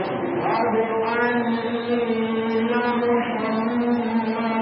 أشهد أن محمدا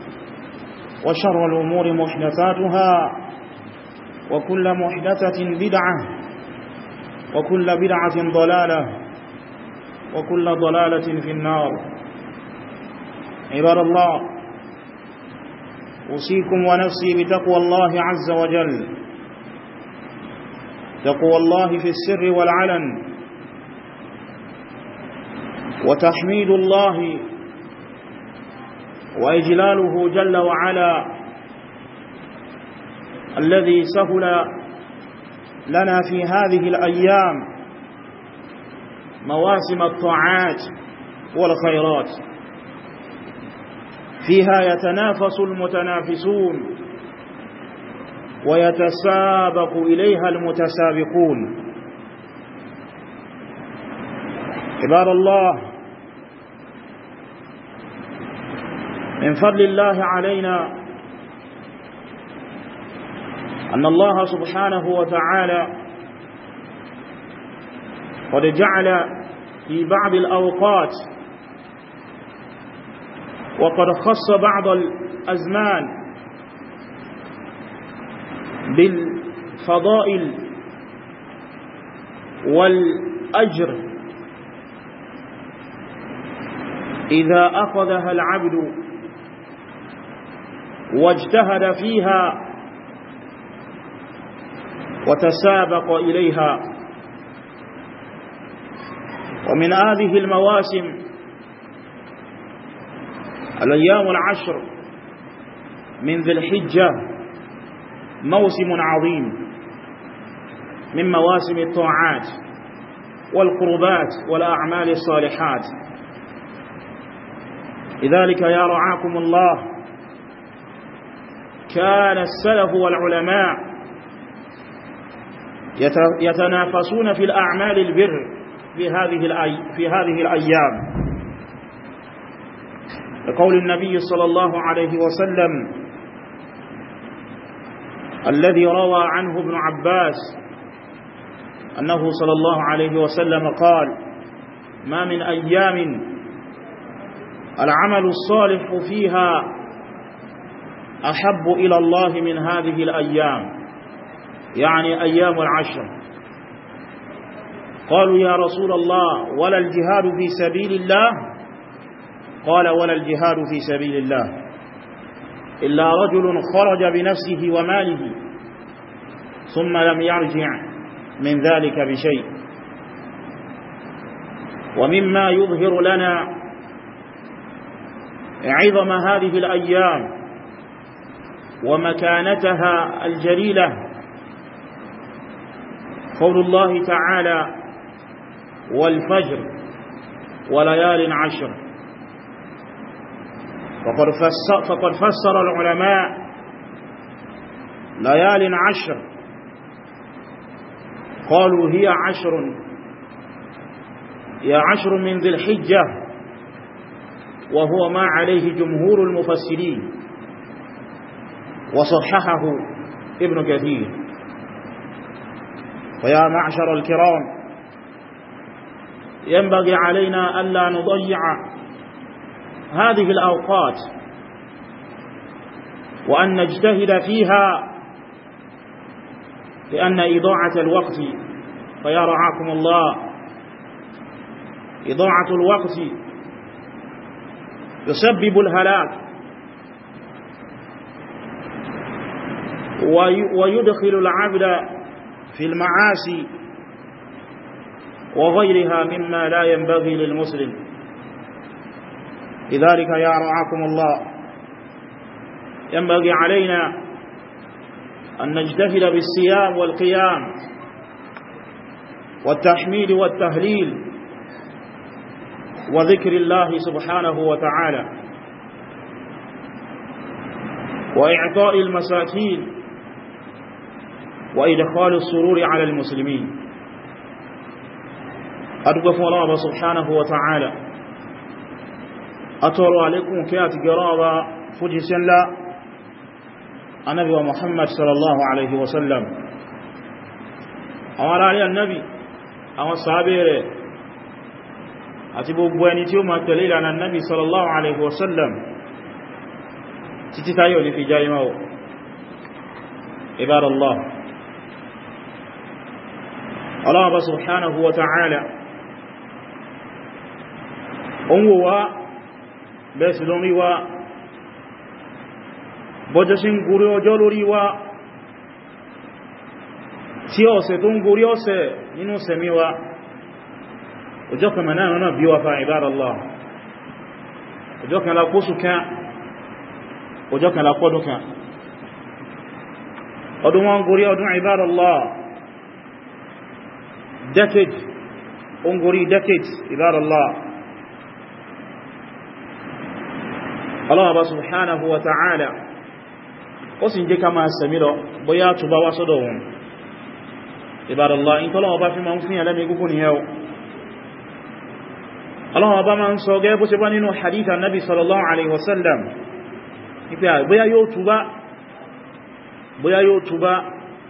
وشر الأمور محدثاتها وكل محدثة بدعة وكل بدعة ضلالة وكل ضلالة في النار عباد الله أوصيكم ونفسي بتقوى الله عز وجل تقوى الله في السر والعلن وتحميد الله وإجلاله جل وعلا الذي سهل لنا في هذه الأيام مواسم الطاعات والخيرات فيها يتنافس المتنافسون ويتسابق إليها المتسابقون عباد الله من فضل الله علينا أن الله سبحانه وتعالى قد جعل في بعض الأوقات وقد خص بعض الأزمان بالفضائل والأجر إذا أخذها العبد واجتهد فيها وتسابق إليها ومن هذه المواسم الأيام العشر من ذي الحجة موسم عظيم من مواسم الطاعات والقربات والأعمال الصالحات لذلك يا رعاكم الله كان السلف والعلماء يتنافسون في الأعمال البر في هذه, في هذه الأيام لقول النبي صلى الله عليه وسلم الذي روى عنه ابن عباس أنه صلى الله عليه وسلم قال ما من أيام العمل الصالح فيها أحب إلى الله من هذه الأيام يعني أيام العشر قالوا يا رسول الله ولا الجهاد في سبيل الله قال ولا الجهاد في سبيل الله إلا رجل خرج بنفسه وماله ثم لم يرجع من ذلك بشيء ومما يظهر لنا عظم هذه الأيام ومكانتها الجليلة قول الله تعالى والفجر وليال عشر فقد فسر, فقد فسر العلماء ليال عشر قالوا هي عشر يا عشر من ذي الحجة وهو ما عليه جمهور المفسرين وصححه ابن كثير ويا معشر الكرام ينبغي علينا ألا نضيع هذه الأوقات وأن نجتهد فيها لأن إضاعة الوقت فيا رعاكم الله إضاعة الوقت يسبب الهلاك ويدخل العبد في المعاصي وغيرها مما لا ينبغي للمسلم لذلك يا رعاكم الله ينبغي علينا أن نجتهد بالصيام والقيام والتحميد والتهليل وذكر الله سبحانه وتعالى وإعطاء المساكين وإدخال السرور على المسلمين أدقف الله سبحانه وتعالى أترى عليكم كيات قرابة فجس لا النبي محمد صلى الله عليه وسلم أمر علي النبي أمر صابر أتبو بوانيتي وما تليل عن النبي صلى الله عليه وسلم تتتايو لفجايمه عباد الله Allah subhanahu wa ta'ala oúnwò wá bẹ́ẹ̀ sí lórí wá bọ́jẹ́ sí ń gorí ọjọ́ lórí wá tí ọ̀sẹ̀ tó ń gorí ọ̀sẹ̀ nínú sẹ̀mí wá ọjọ́ kan náà náà bí wá fa ibadallah ọjọ́ decade ó ń gorí decade ìbáraláà Allah bá subhanahu wa ta'ala ó sì ń jẹ́ ká máa sẹ̀mí lọ bóyá tó bá wá sọ́dọ̀ wọn ìbáraláà in tọ́lọ́wọ́ bá fi máa ń fún ẹlẹ́mì gúgún ni yau Allah bá máa ń sọ gẹ́ bó ṣe bá nínú nabi sallallahu alaihi wasallam bóyá yóò túbá bóyá yóò túbá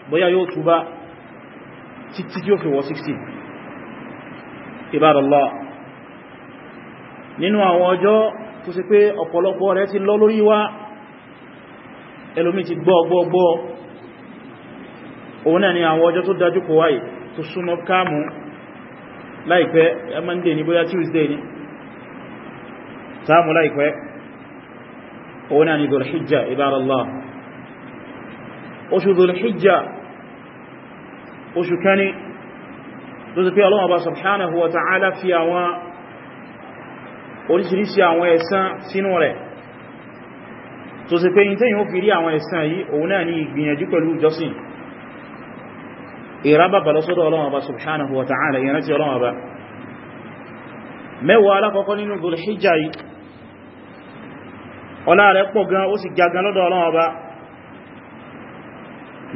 bóyá yóò túbá títí tí ó fi wọ 60 ibadallah nínú àwọn ọjọ́ tó sì pé ọ̀pọ̀lọpọ̀ rẹ̀ ti lọ lórí wá ẹlòmí ti gbọ́ gbọ́gbọ́ òun náà ni àwọn ọjọ́ tó dájú kò wáyé tó súnmọ́ káàmù láìpẹ́ monday ni bóyá tuesday ni sáàmù láìpẹ́ òun náà ni dhul hijja oṣù kẹni tó ti pé ọlọ́wọ́ bá subhanahu wa ta'ala fi àwọn oríṣìíríṣìí àwọn ẹ̀san sínú rẹ̀ tó sì pé ìtẹ́yìn ó fi rí àwọn ẹ̀san yìí òun náà ní ìgbìyànjú pẹ̀lú jọsìn ìrábà balọ́sọ́dọ̀ ọlọ́wọ́ bá subhanahu wa ta'ala yẹn tí ọlọ́wọ́ bá mẹ́wàá alákọ́kọ́ nínú Dhul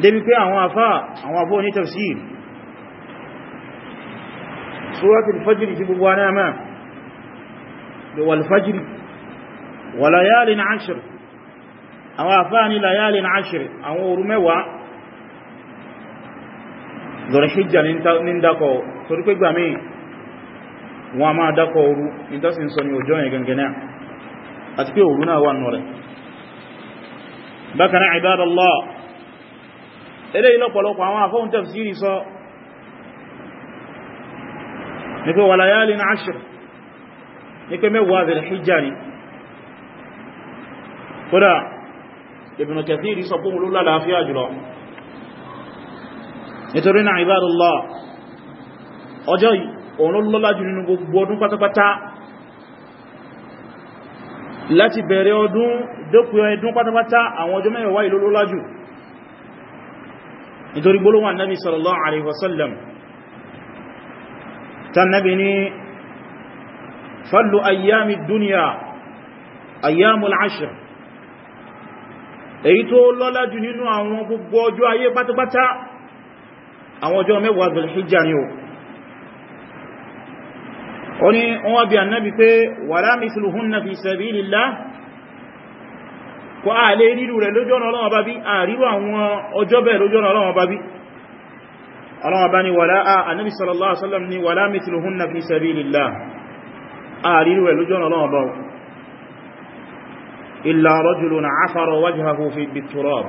débi pé àwọn afá àwọn afọ́ ní tafsir suratul fajr ti gbogbo aná máa da walfajr wa layalin ashir àwọn afá ní layalin ashir àwọn òru mẹ́wàá zọ̀rọ̀ṣíjà ní dákọ̀ torí pé gbàmí wọn a máa dákọ̀ òru ní tásí sọ ní ọjọ́ yẹn ganganẹ́ àti pé òru náà wà nù rẹ̀ bákanáà ibadallah eléyìí lọ́pọ̀lọpọ̀ àwọn afọ́hun tafsiri sọ ní pé wà láyálì na ashir ní pé mẹ́wàá zai hijjá ni kódà Ibn Kathir sọ pé olóla láàfíà jùlọ nítorí náà ibadallah ọjọ́ jù nínú gbogbo ọdún pátápátá láti bẹ̀rẹ̀ ọdún ẹdún pátápátá àwọn ọjọ́ nítorí gbólówà nábi sallallahu alaihi wasallam ta nábi ní fallu ayyami duniya ayyamul ashir èyí tó lọ́lá jù nínú àwọn gbogbo ọjọ́ ayé pátápátá àwọn ọjọ́ mẹ́wàá zulhijjá ni o ó ní wọ́n bí annabi pé wala mithluhunna fi sabilillah kò a lè ríru rẹ̀ lójú ọ̀nà ọlọ́wọ́ bá bí a ríru àwọn ọjọ́ bẹ̀ lójú ọ̀nà ọlọ́wọ́ bá bí ọlọ́wọ́ bá ni wàlá a annabi sallallahu alaihi wasallam ni wàlá mithluhunna fi sabilillah a ríru rẹ̀ lójú ọ̀nà ọlọ́wọ́ bá illa rajulun afara wajhahu fi biturab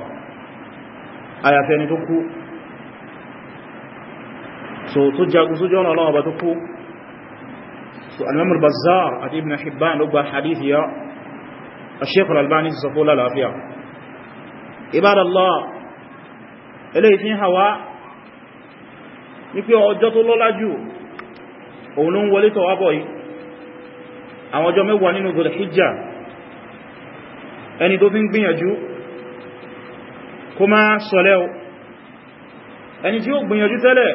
àyàfẹ́ ni àti ibn hibban ló gba hadith yọ الشيخ الألباني سيقول لا فيها عباد الله إليه في هواء nípé ọjọ́ tó lọ́lá jù òun ló ń wọlé tọ̀ wábọ̀ yìí àwọn ọjọ́ mẹ́wàá nínú Dhul Hijjah ẹni tó fi ń gbìyànjú kó má sọlẹ̀ o ẹni tí ó gbìyànjú tẹ́lẹ̀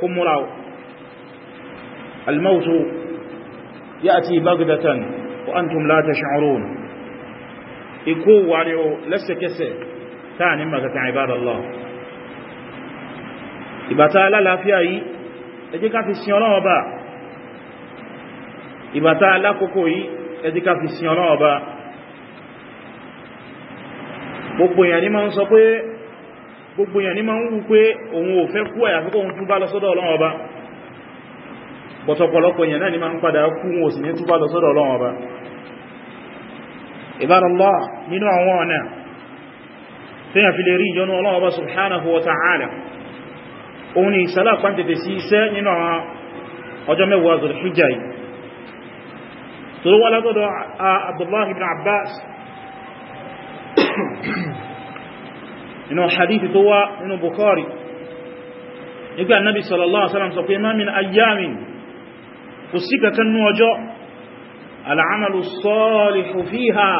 kó múra o al-mawtu ya'ti baghdatan wa antum la tash'urun ikú wà ní o lẹ́sẹ̀kẹsẹ̀ táà ní magata ibadallah ìbàtà alálàáfíà yìí ẹ jẹ́ ká fi sin Ọlọ́run Ọba ìbàtà alákòókò yìí ẹ jẹ́ ká fi sin Ọlọ́run Ọba gbogbo èèyàn ní ma ń sọ pé gbogbo èèyàn ní ma ń wù pé òun ò fẹ́ kú àyàfi kóhun túbá lọ sọ́dọ̀ Ọlọ́run Ọba bọ̀tọ̀pọ̀lọpọ̀ èèyàn náà ni ma ń padà kú wọn ò sì ní túbá lọ sọ́dọ̀ Ọlọ́run Ọba ìbáraláà nínú àwọn ọ̀nà tí a fi lè rí ìyọnú Ọlọ́run Ọba subhanahu wa ta'ala òun ni ìsàlá pàtàkì sí iṣẹ́ nínú àwọn ọjọ́ mẹ́wàá Dhul-Hijjah yìí tó wá látọ́dọ̀ Abdullahi ibn Abbas nínú hadithi tó wá nínú Bukhari nígbà Nabi sallallahu kò sí kankan ọjọ́ al'amalu salihu fiha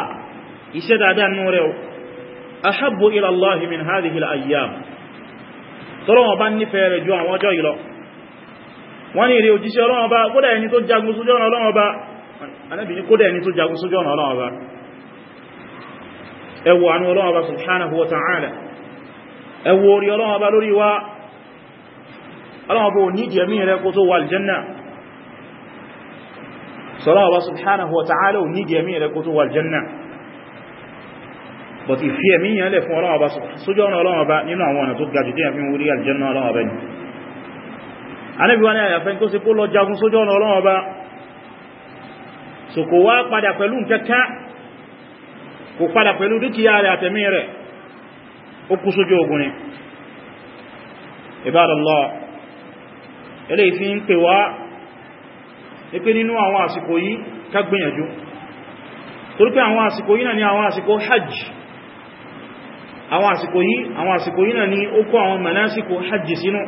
iṣẹ́ dáadáa nú rẹ̀ ahabbu ila Allah min hadhihi al-ayyam tọ́lọ́wọ́ bá nífẹ̀ẹ́ rẹ̀ ju àwọn ọjọ́ yìí lọ wọ́n ní ìrẹ́ òjíṣẹ́ Ọlọ́run bá kódà ẹni tó tó jagun sójú sọ́lá wa subhanahu wa ta'ala ò ní gẹ̀mí rẹ̀ kó tó wà janna but ìfí ẹ̀mí yẹn lẹ̀ fún ọlọ́wọ́ bá sójú ọ̀nà ọlọ́wọ́ bá nínú àwọn ọ̀nà tó gajù tí a fi ń wúrí aljanna ọlọ́wọ́ bá ní anábíwá ní àyàfẹ́ tó sì kó lọ jagun sójú ọ̀nà ọlọ́wọ́ bá so kò ní pé nínú àwọn àsìkò yìí ká gbìyànjú torí pé àwọn àsìkò yìí náà ni àwọn àsìkò hajj àwọn àsìkò yìí àwọn àsìkò yìí náà ni ó kó àwọn manásìkò hajj sínú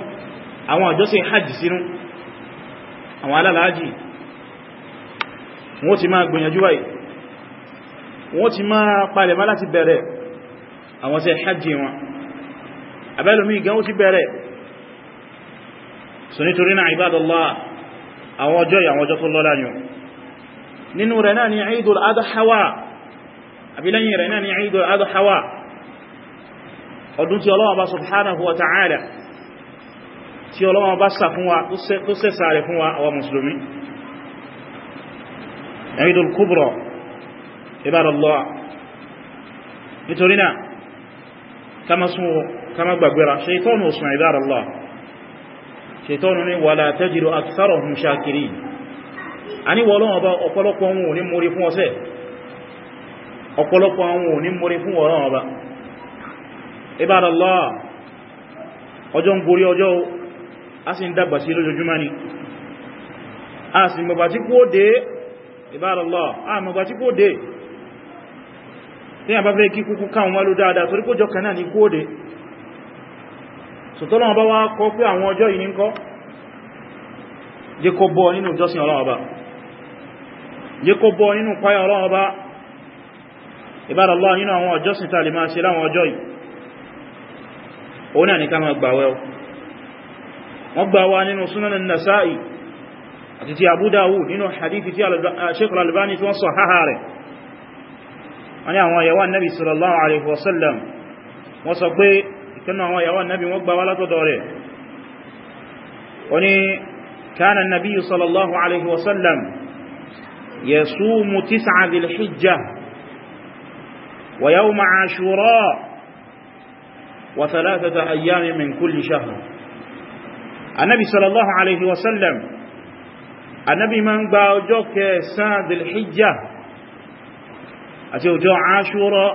àwọn àjọsìn hajj sínú àwọn alálàájì wọ́n ti máa gbìyànjú báyìí wọ́n ti ibadallah àwọn ọjọ́ yìí àwọn ọjọ́ tó lọ́lá ni nínú rẹ̀ náà ni Eidul Adha wà àbílẹ́yìn rẹ̀ náà ni Eidul Adha wà ọdún tí Ọlọ́hun bá subhanahu wa ta'ala tí Ọlọ́hun bá sà fún wa tó sẹ́sà fún wa àwọn ṣètọ́nù ní wà látẹ́jìrò àkísàrọ̀ ṣàkiri a ní wọ́lọ́n ọba ọ̀pọ̀lọpọ̀ àwọn òní mórí fún ọsẹ́ ọ̀pọ̀lọpọ̀ àwọn òní fún ọ̀rán ọba ibadallá ọjọ́ ń gorí ọjọ́ a sì ń dàgbà sí ni a sọ̀tọ́lọ́wọ́ bá wá kọ́ pé àwọn ọjọ́ yìí ní kọ́ jẹ́ kó bọ́ nínú ìjọsìn ọlọ́ọ̀bá jẹ́ kó bọ́ nínú páyà ọlọ́ọ̀bá ìbáraláà nínú àwọn ọjọ́sìn tàà lè máa ṣe láwọn ọjọ́ yìí òun náà ní ká máa gbàwẹ̀ wọ́n gbà wá nínú sunanin nasa'i àti ti abu dawud nínú hadithi wọ́n sọ pé ọ̀kan àwọn ìyàwó annabi wọ́n gbà wá látọ̀dọ̀ rẹ̀ wani kana nabi sallallahu alaihi wasallam yasumu tis'a dhil hijja wa yawma ashura wa thalathata ayyamin min kulli shahr annabi sallallahu alaihi wasallam annabi man gba ọjọ́ kẹsàn-án dhil hijja àti ọjọ́ ashura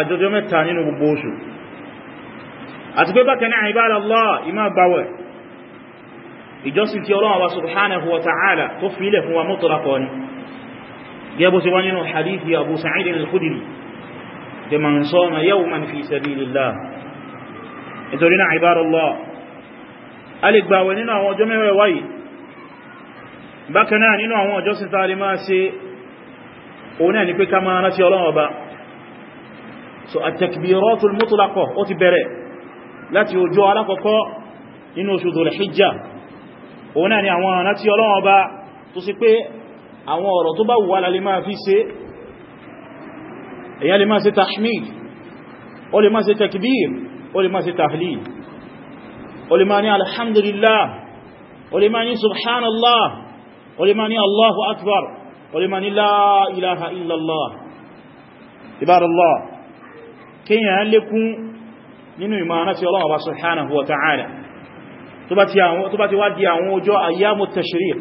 àtọjọ́ mẹ́ta nínú gbogbo oṣù àti pé bákan náà ìbára Allah ìmá gbàwẹ̀ ìjọsìn tí Ọlọ́run wa subhanahu wa ta'ala tó fi ilẹ̀ fún wa mutlaqan ni gẹ́bù sí wọ́n nínú hadithi Abu Sa'id al-Khudri da man soma yawman fi sabilillah ìtorí náà ìbára Allah a lè gbàwẹ̀ nínú àwọn ọjọ́ mẹ́wẹ̀ a so at-takbiratul mutlaqah ó ti bẹ̀rẹ̀ láti ọjọ́ alákọ̀ọ́kọ́ nínú oṣù Dhul Hijjah òun náà ni àwọn ọ̀nà tí Ọlọ́run Ọba tó sì pé àwọn ọ̀rọ̀ tó bá wù wá la lè máa fi ṣe èyàn lè máa ṣe tahmid ó lè máa ṣe takbir ó lè máa ṣe tahlil ó lè máa ní alhamdulillah ó lè máa ní nínú ìmọ̀ràn tí Ọlọ́run wa subhanahu wa ta'ala tó bá ti wá di àwọn ọjọ́ ayyamu tashriq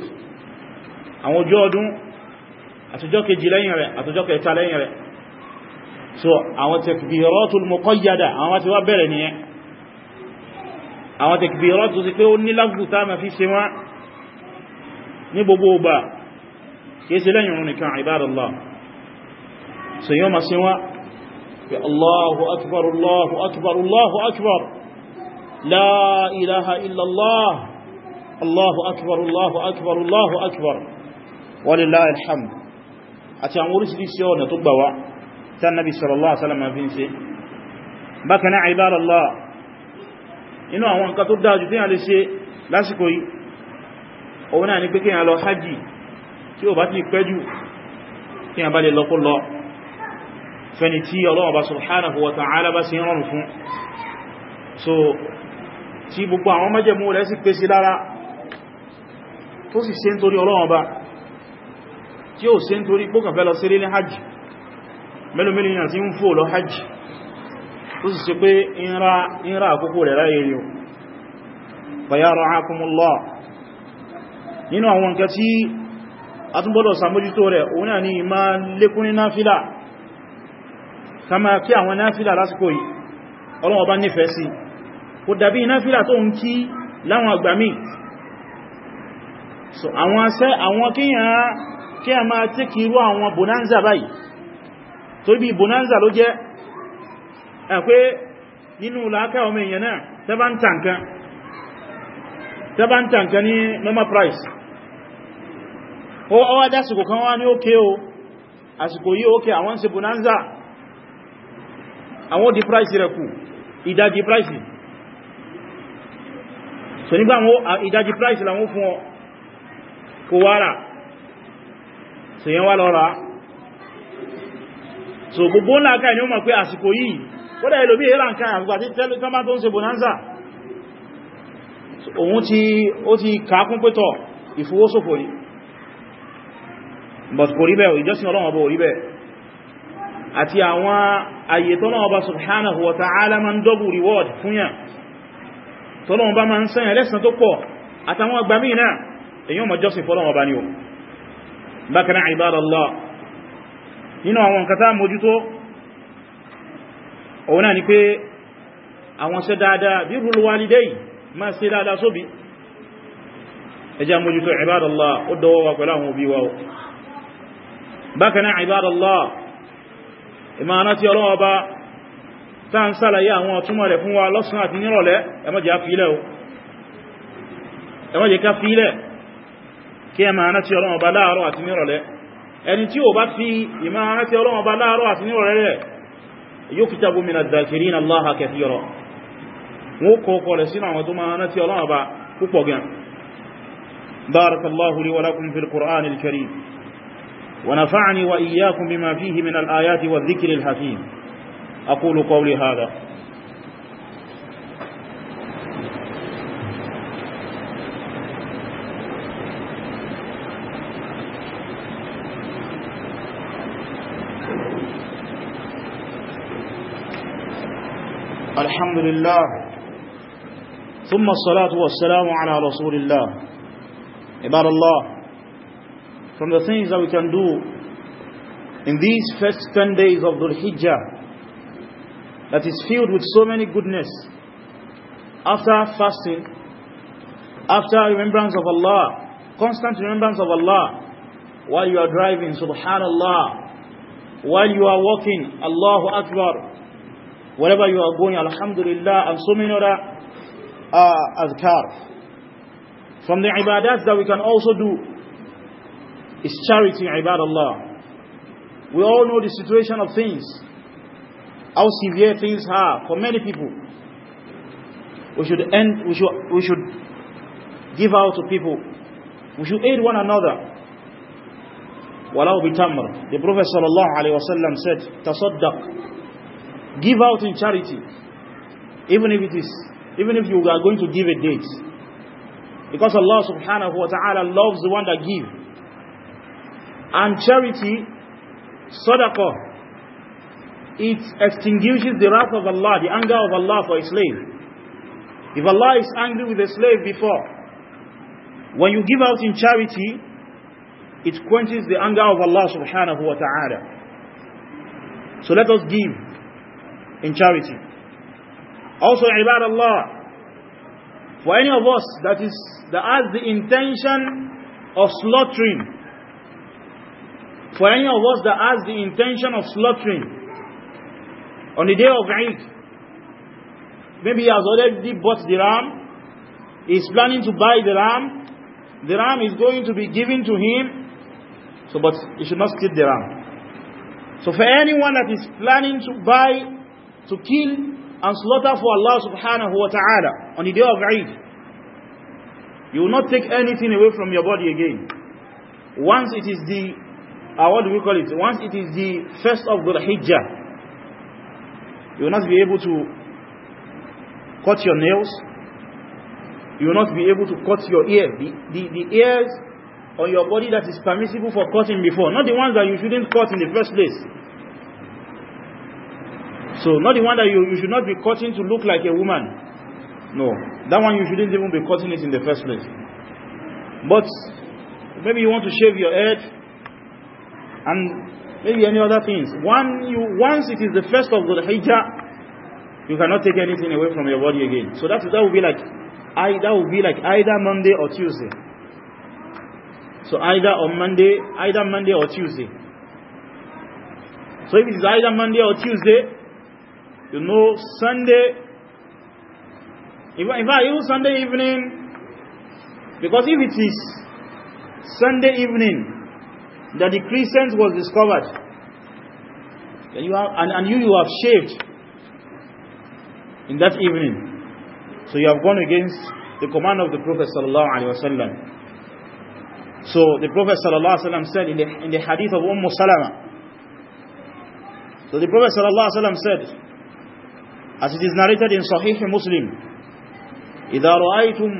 àwọn ọjọ́ ọdún àtọjọ́ kejì lẹ́yìn rẹ̀ àtọjọ́ kẹta lẹ́yìn rẹ̀ so àwọn takbiratul muqayyada àwọn ti wá bẹ̀rẹ̀ nìyẹn àwọn takbirat tó sì pé ó pé Allahu akbar Allahu akbar Allahu akbar la ilaha illallah Allahu akbar Allahu akbar Allahu akbar wa lillahi alhamd àti àwọn orísìírísìí ọ̀nà tó gbà wá tí Ànábì sallallahu alaihi wasallam fi ń ṣe bákan náà ibadallah inú àwọn nǹkan tó dájú tí a lè ṣe lásìkò yìí òun náà ni pé kí a lọ hajji tí ó bá ti pẹ́jù kí a bá lè lọ́kọ́ lọ́ọ́ fẹni tí Ọlọ́run bá subhanahu wa ta'ala bá sí rọrùn fún so tí gbogbo àwọn májẹ̀mú rẹ̀ sì pé sí lára tó sì ṣe nítorí Ọlọ́run bá tí ó ṣe nítorí gbókàn fẹ́ lọ sí rílé hajj mẹ́lùmẹ́lù náà sí ń fò lọ hajj tó sì ṣe pé ìnra àkókò rẹ̀ ráyẹ kama kí àwọn náfílà lásìkò yìí ọlọ́wọ́ bá nífẹ̀ẹ́ sí kò dàbí náfílà tó ń kí láwọn àgbàmí so àwọn asẹ́ àwọn kí a máa tí kí irú àwọn bonanza báyìí tó bí bonanza ló jẹ́ ẹ̀pẹ́ nínú làákà ọmọ èèyàn náà tẹ́bá ń ní normal price ó ọwá dásìkò kan wá ní ókè o àsìkò yí ókè àwọn ṣe bonanza àwọn di price rẹ̀ kù ìdajì price so nígbà àwọn ìdajì price làwọn fún ọ kò wára so yẹn wá lọ ra so gbogbo ńlá ká ẹni ó mọ̀ pé àsìkò yìí kódà ẹlòmí èèrà nǹkan àgbà tí tẹ́lẹ̀tọ́mà tó ń ṣe bonanza òun tí ó ti kàákún pẹ́tọ̀ ìfowósòfò rí but kò rí bẹ́ẹ̀ ìjọsìn ọlọ́wọ́ bọ̀ rí bẹ́ẹ̀ àti àwọn àyè tọ́lọ́wọ́ bá subhanahu wa ta'ala ma ń dọ́bù reward fún yà tọ́lọ́wọ́ bá ma ń sẹ́yà lẹ́sàn tó pọ̀ àtàwọn agbàmí náà èyàn mọ̀ jọ́sìn fọ́lọ́wọ́ bá ní o bákanáà ibadallah nínú àwọn nǹkan tá mójútó òun náà ni pé àwọn ṣe dáadáa birrul walidayni ma ṣe dáadáa sóbi ẹjá mójútó ibadallah ó dọwọ́ pẹ̀lú àwọn òbí wa bákanáà ibadallah ìmáàná tí ọlọ́wọ́ bá tá ń sálàyé àwọn ọ̀túnmọ̀ rẹ̀ fún wa lọ́sàn àti nírọ̀lẹ́ ẹ má jẹ́ ká fílẹ̀ kí ẹ máa rántí ọlọ́wọ́ bá láàárọ̀ àti nírọ̀lẹ́ ẹni tí ó bá fi ìmáà rántí ọlọ́wọ́ bá láàárọ̀ àti nírọ̀lẹ́ rẹ̀ yuktabu min adh-dhakirina Allaha kathira wọ́n kọ́kọ́ rẹ̀ ونفعني وإياكم بما فيه من الآيات والذكر الحكيم أقول قولي هذا الحمد لله ثم الصلاة والسلام على رسول الله عباد الله from the things that we can do in these first 10 days of Dhul Hijjah that is filled with so many goodness after fasting after remembrance of Allah constant remembrance of Allah while you are driving subhanallah while you are walking Allahu Akbar wherever you are going alhamdulillah and so many other uh, azkar from the ibadat that we can also do is charity, ibad Allah. We all know the situation of things, how severe things are for many people. We should end, we should, we should give out to people. We should aid one another. Walau bitamr. The Prophet sallallahu alaihi wasallam said, tasaddaq. Give out in charity. Even if it is, even if you are going to give a date. Because Allah subhanahu wa ta'ala loves the one that gives. And charity, sadaqah, it extinguishes the wrath of Allah, the anger of Allah for a slave. If Allah is angry with a slave before, when you give out in charity, it quenches the anger of Allah subhanahu wa ta'ala. So let us give in charity. Also, ibad Allah, for any of us that is that has the intention of slaughtering for any of us that has the intention of slaughtering on the day of Eid, maybe he has already bought the ram, he is planning to buy the ram, the ram is going to be given to him, so but he should not kill the ram. So for anyone that is planning to buy, to kill and slaughter for Allah subhanahu wa ta'ala on the day of Eid, you will not take anything away from your body again. Once it is the uh, what do we call it once it is the first of Dhul Hijjah you will not be able to cut your nails you will not be able to cut your ear the, the, the ears on your body that is permissible for cutting before not the ones that you shouldn't cut in the first place so not the one that you, you should not be cutting to look like a woman no that one you shouldn't even be cutting it in the first place but maybe you want to shave your head and maybe any other things. One, you, once it is the first of the Hijjah, you cannot take anything away from your body again. So that, that will be like I, that will be like either Monday or Tuesday. So either on Monday, either Monday or Tuesday. So if it is either Monday or Tuesday, you know Sunday, in fact even Sunday evening, because if it is Sunday evening, that the crescent was discovered and you, have, and, and you, you have shaved in that evening so you have gone against the command of the Prophet sallallahu alaihi wasallam so the Prophet sallallahu alaihi wasallam said in the, in the hadith of Umm Salama so the Prophet sallallahu alaihi wasallam said as it is narrated in Sahih Muslim إذا رأيتم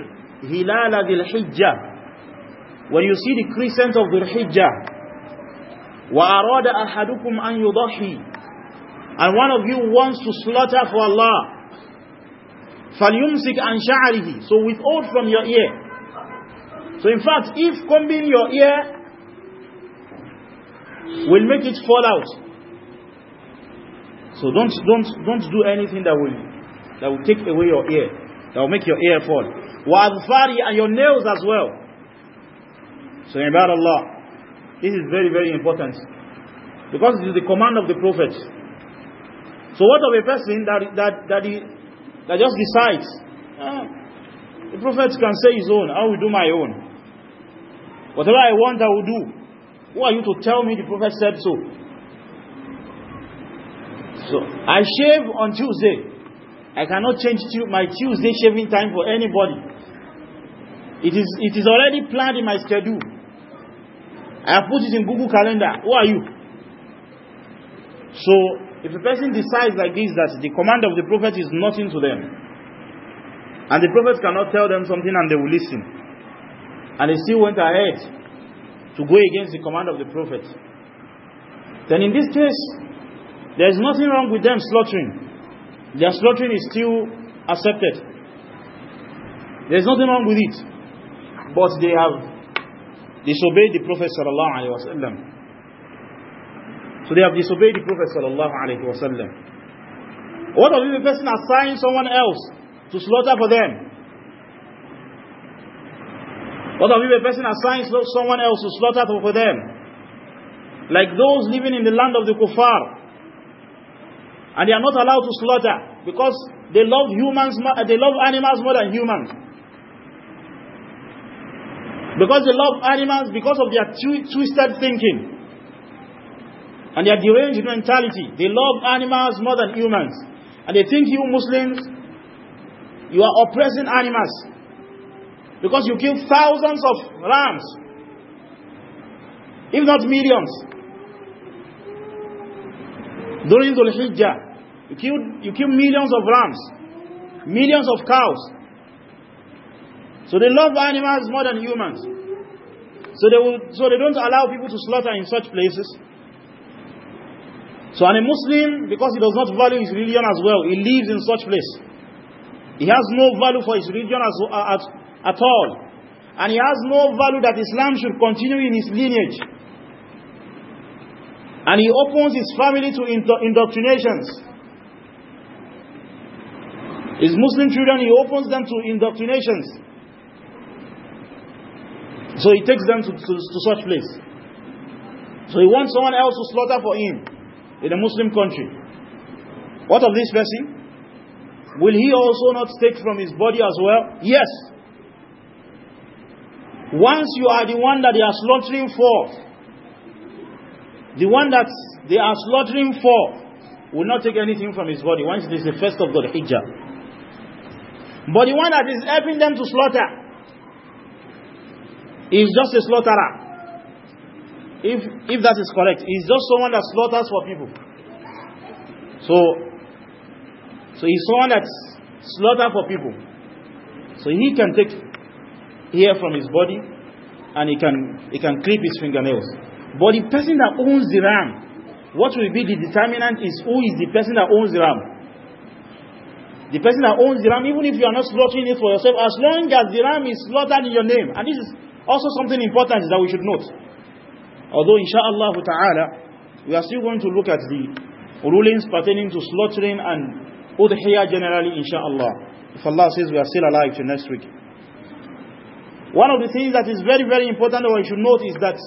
هلال ذي الحجة when you see the crescent of the Hijjah وَأَرَادَ أَحَدُكُمْ أَنْ يُضَحِي And one of you wants to slaughter for Allah. فَلْيُمْسِكْ أن شَعَرِهِ So withhold from your ear. So in fact, if combing your ear will make it fall out. So don't don't don't do anything that will that will take away your ear, that will make your ear fall. Wa'adfari and your nails as well. So ibad Allah. This is very, very important. Because it is the command of the Prophet. So what of a person that, that, that, he, that just decides, ah, the Prophet can say his own, I will do my own. Whatever I want, I will do. Who are you to tell me the Prophet said so? So, I shave on Tuesday. I cannot change my Tuesday shaving time for anybody. It is, it is already planned in my schedule. I put it in Google Calendar. Who are you? So, if a person decides like this that the command of the prophet is nothing to them, and the prophet cannot tell them something and they will listen, and they still went ahead to go against the command of the prophet, then in this case, there is nothing wrong with them slaughtering. Their slaughtering is still accepted. There is nothing wrong with it. But they have disobeyed the Prophet sallallahu alaihi wasallam. So they have disobeyed the Prophet sallallahu alaihi wasallam. What if a person assigns someone else to slaughter for them? What if a person assigns someone else to slaughter for them? Like those living in the land of the kuffar. And they are not allowed to slaughter because they love humans, they love animals more than humans. Because they love animals because of their twisted thinking and their deranged mentality. They love animals more than humans. And they think you Muslims, you are oppressing animals because you kill thousands of rams, if not millions. During the Hijjah, you kill, you kill millions of rams, millions of cows, So they love animals more than humans. So they, will, so they don't allow people to slaughter in such places. So and a Muslim, because he does not value his religion as well, he lives in such place. He has no value for his religion as, uh, at, at all. And he has no value that Islam should continue in his lineage. And he opens his family to indoctrinations. His Muslim children, he opens them to indoctrinations. So he takes them to, to, to such place. So he wants someone else to slaughter for him in a Muslim country. What of this person? Will he also not take from his body as well? Yes. Once you are the one that they are slaughtering for, the one that they are slaughtering for will not take anything from his body once it is the first of the hijab. But the one that is helping them to slaughter, He's just a slaughterer. If, if that is correct, he's just someone that slaughters for people. So, so he's someone that slaughters for people. So he can take hair from his body and he can, he can clip his fingernails. But the person that owns the ram, what will be the determinant is who is the person that owns the ram. The person that owns the ram, even if you are not slaughtering it for yourself, as long as the ram is slaughtered in your name, and this is also something important that we should note. Although inshallah ta'ala, we are still going to look at the rulings pertaining to slaughtering and udhiyah generally inshallah. If Allah says we are still alive to next week. One of the things that is very, very important that we should note is that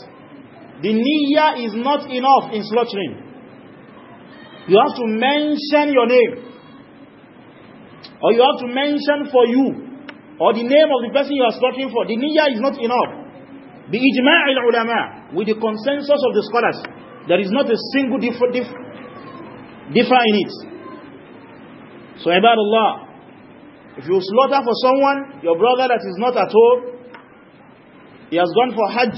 the niyyah is not enough in slaughtering. You have to mention your name. Or you have to mention for you or the name of the person you are slaughtering for, the niyyah is not enough. The ijma' al-ulama, with the consensus of the scholars, there is not a single differ, differ, differ in it. So ibadullah, if you slaughter for someone, your brother that is not at home, he has gone for hajj.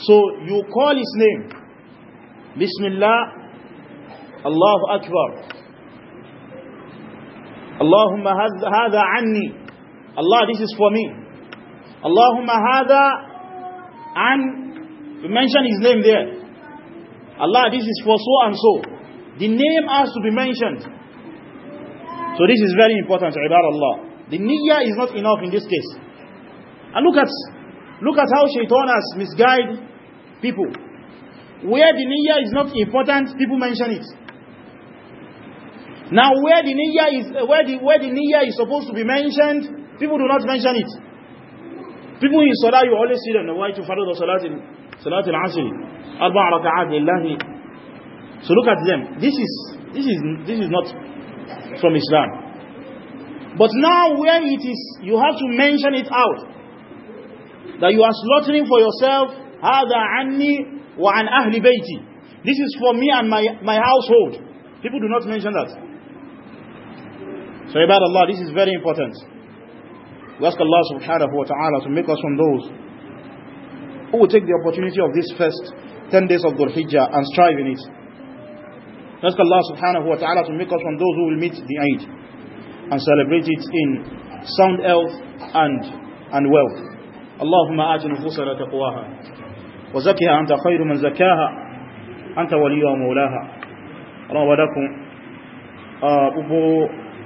So you call his name. Bismillah, Allahu Akbar. Allahumma hadha anni. Allah, this is for me. Allahumma hadha an. We mention his name there. Allah, this is for so and so. The name has to be mentioned. So this is very important, Ibar Allah. The niyyah is not enough in this case. And look at, look at how shaitan has misguided people. Where the niyyah is not important, people mention it. Now where the niyyah is, uh, where the, where the niyyah is supposed to be mentioned, people do not mention it. People in Salah, you always see them, why to follow the Salat al-Asr, Arba' raka'at lillahi. So look at them. This is, this is, this is not from Islam. But now where it is, you have to mention it out. That you are slaughtering for yourself, هذا عني وعن أهل بيتي. This is for me and my, my household. People do not mention that. So about Allah, this is very important. We ask Allah subhanahu wa ta'ala to make us from those who will take the opportunity of this first 10 days of Dhul Hijjah and strive in it. We ask Allah subhanahu wa ta'ala to make us from those who will meet the Eid and celebrate it in sound health and, and wealth. Allahumma اللهم آت نفوسنا تقواها وزكها أنت خير من زكاها أنت وليها مولاها رب لكم أبو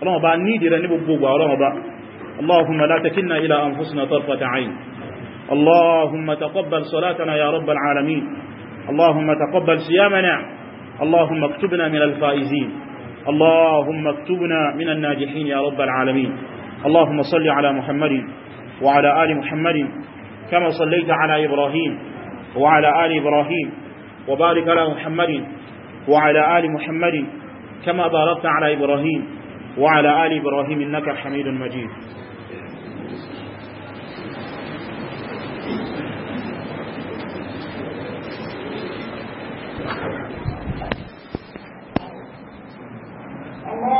ọlọ́wọ́ bá ní ìdíra ní gbogbo ọlọ́wọ́ bá اللهم لا تكلنا إلى أنفسنا طرفة عين اللهم تقبل صلاتنا يا رب العالمين اللهم تقبل صيامنا اللهم اكتبنا من الفائزين اللهم اكتبنا من الناجحين يا رب العالمين اللهم صل على محمد وعلى آل محمد كما صليت على إبراهيم وعلى آل إبراهيم وبارك على محمد وعلى آل محمد كما باركت على إبراهيم وعلى آل إبراهيم إنك حميد مجيد